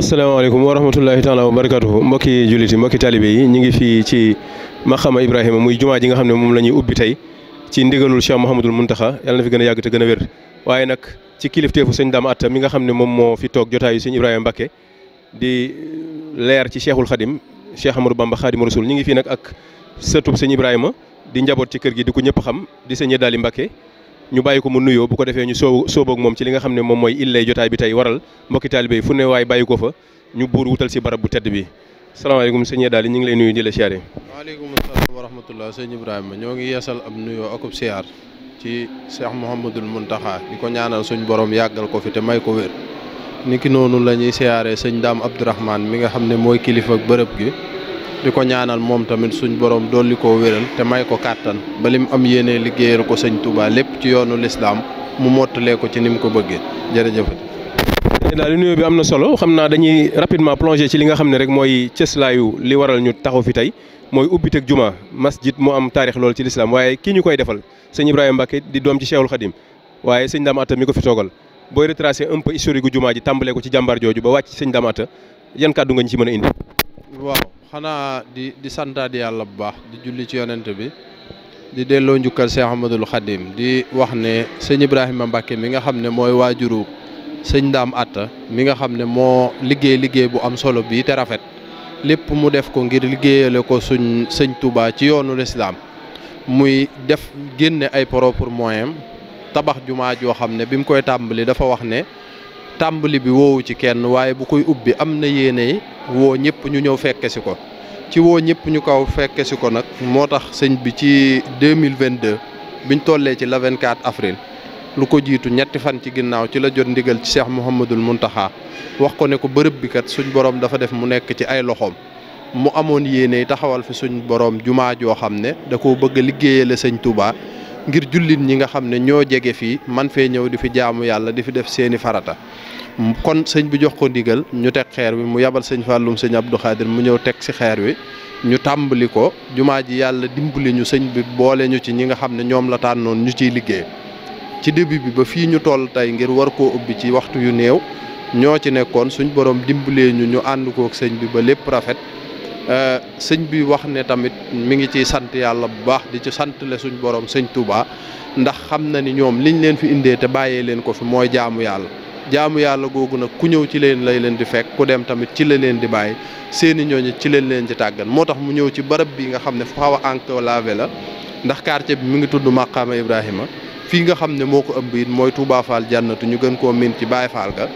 asalaamaaleykum wa rahmatullahi taala wa barakatuhu mbokki jullit yi mbokki talibe yi ñu ngi fii ci ma Maxama Ibrahima muy jumaa ji nga xam ne moom la ñuy ubbi tey ci ndigalul Cheikh Mouhamadul Mountakha yàlla na fi gën a yàgg te gën a wér waaye nag ci kilifteefu sëñ Dame Atta mi nga xam ne moom moo fi toog jotaayu sëñ Ibrahima Mbacké di leer ci Cheikhul Khadim Cheikh Amadou Bamba Khadim Rasoul ñu ngi fii nag ak sëtub sëñ Ibrahima di njaboot ci kër gi di ko ñëpp xam di sëñ Yeddaali Mbacké ñu bàyyi ko mu nuyoo bu ko defee ñu soo sóoboog moom ci li nga xam ne moom mooy illay jotaay bi tey waral mbokki taalibe yi fu ne bàyyi ko fa ñu buur wutal si barab bu tedd bi salaamaaleykum sëñ daal ñu ngi lay nuyu di la siyaare waaleykum salaam wa rahmatullah sëñ Ibrahima ñoo ngi yeesal am nuyoo ak akub siyaar ci Cheikh Mouhamadul taxaa di ko ñaanal suñ borom yàggal ko fi te may ko wér niki noonu la ñuy siyaaree sëñ Daam Abdourahmane mi nga xam ne mooy kilifa bërëb gi di ko ñaanal moom tamit suñ borom dolli koo wéral te may ko kàttan ba lim am yéene liggéeyal ko sañ Touba lépp ci yoonu lislaam mu mottalee ko ci ni mu ko bëggee jërëjëfati daal nuyoo bi am na solo xam naa dañuy rapidement plongé ci li nga xam ne rek mooy cëslaayu li waral ñu taxaw fi tey mooy ubbiteg juma masjid mu am taarix lool ci lislaam waaye kii ñu koy defal sëñ Ibrahima Mbacke di doom ci Cheikhul Khadim waaye sëñ Dame Atta mi ko fi toogal booy retracé un peu historique gu juma ji tàmbale ko ci jàmbaar jooju ba wàcc sañ Dame Atta yan kàddu nga ñu mën a indi xanaa di di santaat yàlla bu baax di julli ci yonent bi di delloo njukkal Cheikh Ahmadul Khadim di wax ne sëñ Ibrahima Mbacke mi nga xam ne mooy waajuru sëñ Daam Atta mi nga xam ne moo liggéey liggéey bu am solo bii te rafet lépp mu def ko ngir liggéeyale ko suñ sëñ Touba ci yoonu lislaam muy def génne ay propre moyen tabax jumaa joo xam ne bi mu koy tàmbali dafa wax ne tàmbali bi woowu ci kenn waaye bu koy ubbi am na yéene woo ñëpp ñu ñëw fekke si ko ci woo ñëpp ñu kaw fekke si ko nag moo tax sëñ bi ci 2022 biñ tollee ci la 24 avril lu ko jiitu ñetti fan ci ginnaaw ci la jot ndigal ci Cheikh Mouhamadul Mountakha wax ko ne ko bërëb bi kat suñ borom dafa def mu nekk ci ay loxoom mu amoon yéene taxawal fi suñ borom jumaa joo xam ne da koo bëgg a liggéeyale sañ Touba ngir jullit ñi nga xam ne ñoo jege fii man fee ñëw di fi jaamu yàlla di fi def seeni farata. kon sëñ bi jox ko ndigal ñu teg xeer wi mu yabal sëñ Fallum sëñ Abdou Khadir mu ñëw teg si xeer wi ñu tàmbali ko jumaa ji yàlla dimbali ñu sëñ bi boole ñu ci ñi nga xam ne ñoom la tànnoon ñu ciy liggéey ci début bi ba fii ñu toll tey ngir war koo ubbi ci waxtu yu néew ñoo ci nekkoon suñ borom dimbalee ñu ñu ànd kook sëñ bi ba lépp rafet euh, sëñ bi wax ne tamit mu ngi ciy sant yàlla bu baax di ci santle suñu suñ borom sëñ Touba ndax xam na ni ñoom liñ leen fi indee te bàyyee leen ko fi mooy jaamu yàlla. jaamu yàlla googu nag ku ñëw ci leen lay leen di fekk ku dem tamit ci la leen di bàyyi seeni ñooñu ci leen leen di tàggat moo tax mu ñëw ci barab bi nga xam ne fu xaw a enclavé la ndax quartier bi mu ngi tudd Maqaama Ibrahima fii nga xam ne moo ko ëmb it mooy Touba Fall jànnatu ñu gën koo miin ci Baye ga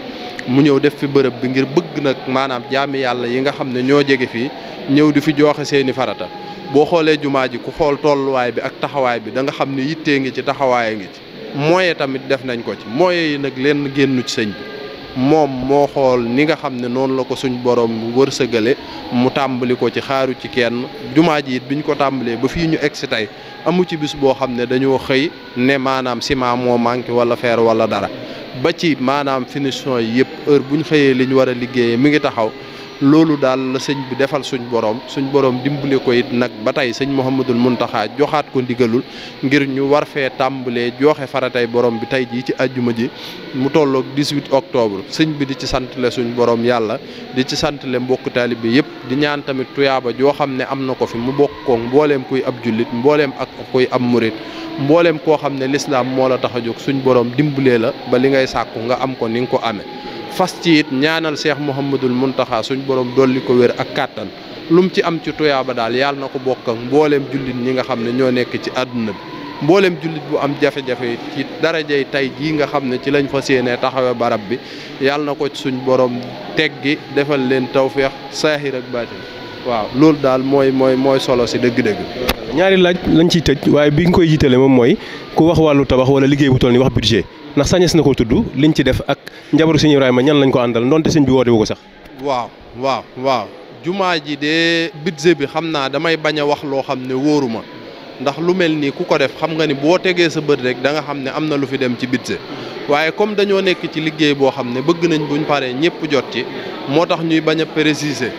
mu ñëw def fi bërëb bi ngir bëgg nag maanaam jaami yàlla yi nga xam ne ñoo jege fii ñëw di fi joxe seeni farata boo xoolee jumaa ji ku xool tolluwaay bi ak taxawaay bi da nga xam ne yittee ngi ci taxawaay ngi ci moyen tamit def nañ ko ci moyen yi nag leen génnu ci sëñ moom moo xool ni nga xam ne noonu la ko suñ borom wërsëgale mu tàmbali ko ci xaaru ci kenn jumaa ji it biñ ko tàmbalee ba fii ñu egg si tey amu ci bis boo xam ne dañoo xëy ne maanaam ciment moo manqué wala fer wala dara ba ci maanaam finition yi yëpp bu ñu xëyee li ñu war a liggéeyee mi ngi taxaw loolu daal la sëñ bi defal suñu borom suñu borom dimbale ko it nag ba tey sëñ Mouhamadul Muntaxa joxaat ko ndigalul ngir ñu war fee tàmbalee joxe faratay borom bi tey jii ci ajjuma ji mu tolloog 18 octobre sëñ bi di ci santale suñu borom yàlla di ci santale mbokk taalibe yëpp di ñaan tamit tuyaaba joo xam ne am na ko fi mu bokk ko mbooleem kuy ab jullit mbooleem ak kuy am murit mbooleem koo xam ne lislaam moo la tax a jóg suñu borom dimbalee la ba li ngay sàkku nga am ko ni nga ko amee fas ci it ñaanal seex Muhammadul Muntaxa suñ borom dolli ko wér ak kàttan lum ci am ci tuyaaba daal yàlla na ko bokk ak mbooleem jullit ñi nga xam ne ñoo nekk ci àdduna bi mbooleem jullit bu am jafe-jafe ci darajey tey jii nga xam ne ci lañ fas yéenee taxawe barab bi yàlla na ko suñ borom teggi defal leen tawféex saahir ak baatin waaw loolu daal mooy mooy mooy solo si dëgg-dëgg. ñaari laaj lañ ciy tëj waaye bi nga koy jiitalee moom mooy ku wax wàllu tabax wala liggéey bu toll ni wax ndax sañes na ko tudd liñ ci def ak njabaru sëñ ma ñan lañ ko àndal ndonte sëñ bi woote wu ko sax. waaw waaw waaw jumaa ji de budget bi xam naa damay bañ a wax loo xam ne wóoruma ndax lu mel nii ku ko def xam nga ni boo tegee sa bët rek da nga xam ne am na lu fi dem ci budget waaye comme dañoo nekk ci liggéey boo xam ne bëgg nañ buñ paree ñëpp jot ci moo tax ñuy bañ a préciser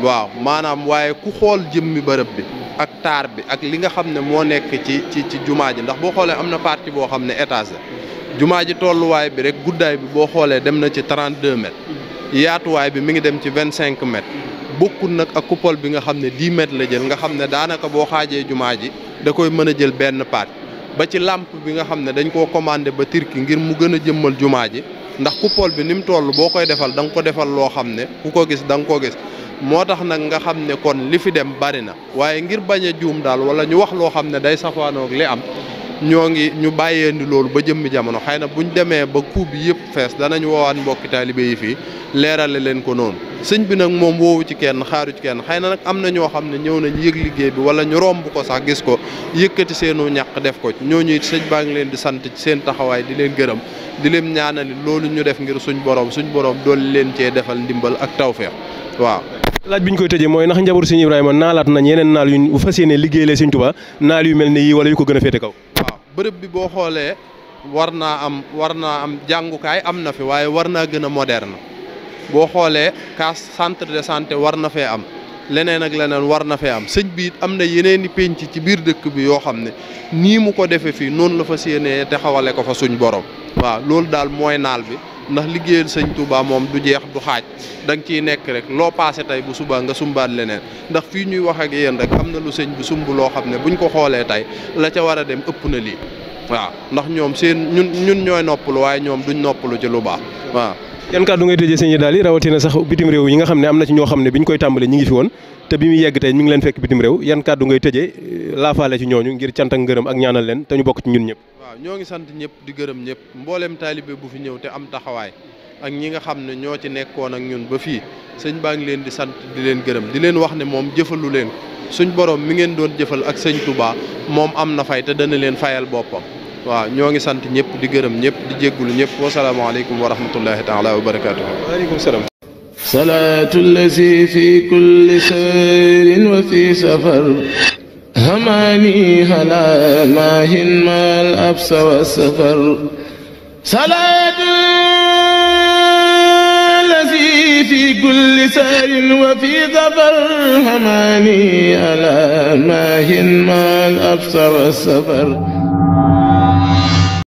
waaw maanaam waaye ku xool jëmmi bërëb bi ak taar bi ak li nga xam ne moo nekk ci ci ci jumaa ji ndax boo xoolee am na partie boo xam ne étage jumaa ji tolluwaay bi rek guddaay bi boo xoolee dem na ci trente deux yaatuwaay bi mi ngi dem ci vingt cinq bokkul nag ak coupole bi nga xam ne dix mètres la jël nga xam ne daanaka boo xaajee jumaa ji da koy mën a jël benn paat ba ci làmp bi nga xam ne dañ koo commandé ba Turquie ngir mu gën a jëmmal jumaa ji ndax coupole bi ni mu toll boo koy defal da nga ko defal loo xam ne ku ko gis danga nga ko gis moo tax nag nga xam ne kon li fi dem bari na waaye ngir bañ a juum daal wala ñu wax loo xam ne day safaanoog li am ñoo ngi ñu bàyyeendi loolu ba jëmm jamono xëy na bu ñu demee ba coup bi yëpp fees danañ woowaat mbokki taalibe yi fii leerale leen ko noonu sëñ bi nag moom woowu ci kenn xaaru ci kenn xëy na nag am na ñoo xam ne ñëw nañ yëg liggéey bi wala ñu romb ko sax gis ko yëkkati seenu ñàq def ko ñooñu it sëñ baa ngi leen di sant ci seen taxawaay di leen gërëm di leen ñaanali loolu ñu def ngir suñ borom suñ borom dool leen cee defal ndimbal ak tawfeex waaw. laaj bi ñu koy tëjee mooy ndax njaboot sëñ Ibrahima naalaat nañ yeneen naal yu fas yéene liggéeyale yu mel ne yii wala yu ko gën a féete kaw bërëb bi boo xoolee war naa am war naa am jàngukaay am na fi waaye war naa gën a moderne boo xoolee kaas centre de santé war na fee am leneen ak leneen war na fee am sëñ bi it am na yeneen i pénc ci biir dëkk bi yoo xam ne nii mu ko defee fii noonu la fa séenee te xawale ko fa suñ borom waaw loolu daal mooy naal bi ndax liggéeyal sëñ tubaa moom du jeex du xaaj da ciy nekk rek loo paase tey bu subaa nga sumbaat leneen ndax fii ñuy wax ak yéen rek am na lu sëñ bi sumb loo xam ne buñ ko xoolee tey la ca war a dem ëpp na lii waa ndax ñoom seen ñun ñun ñooy noppalu waaye ñoom duñ noppalu ci lu baax waaw. yan kàddu ngay tëjee sëñ daal yi rawatina sax bitim réew yi nga xam ne am na ci ñoo xam ne bi ñu koy tàmbale ñi ngi fi woon te bi mu yegg tey mi ngi leen fekk bitim réew yan kàddu ngay tëjee euh, laafaale ci ñooñu ngir cant ak ngërëm ak ñaanal leen te ñu bokk ci ñun ñëpp waaw ñoo ngi sant ñëpp di gërëm ñëpp mbooleem taalibe bu fi ñëw te am taxawaay ak ñi nga xam ne ñoo ci nekkoon ak ñun ba fii sëñ baa ngi leen di sant di leen gërëm di leen wax ne moom jëfalu leen suñ borom mi ngeen doon jëfal ak sëñ Touba moom am na fay te dana leen fayal boppam waaw ñoo ngi sant ñëpp di gërëm ñëpp di jéggulu ñëpp wasalaamaaleykum wa rahmatullahi taala wa barakaatu. waaleykum salaam. salaatu lazi fi kulli sayrin wa fi safar hamaani halaa maahin maal absa wa safar salaatu lazi fi kulli sayrin wa fi safar hamaani halaa maahin maal absa wa safar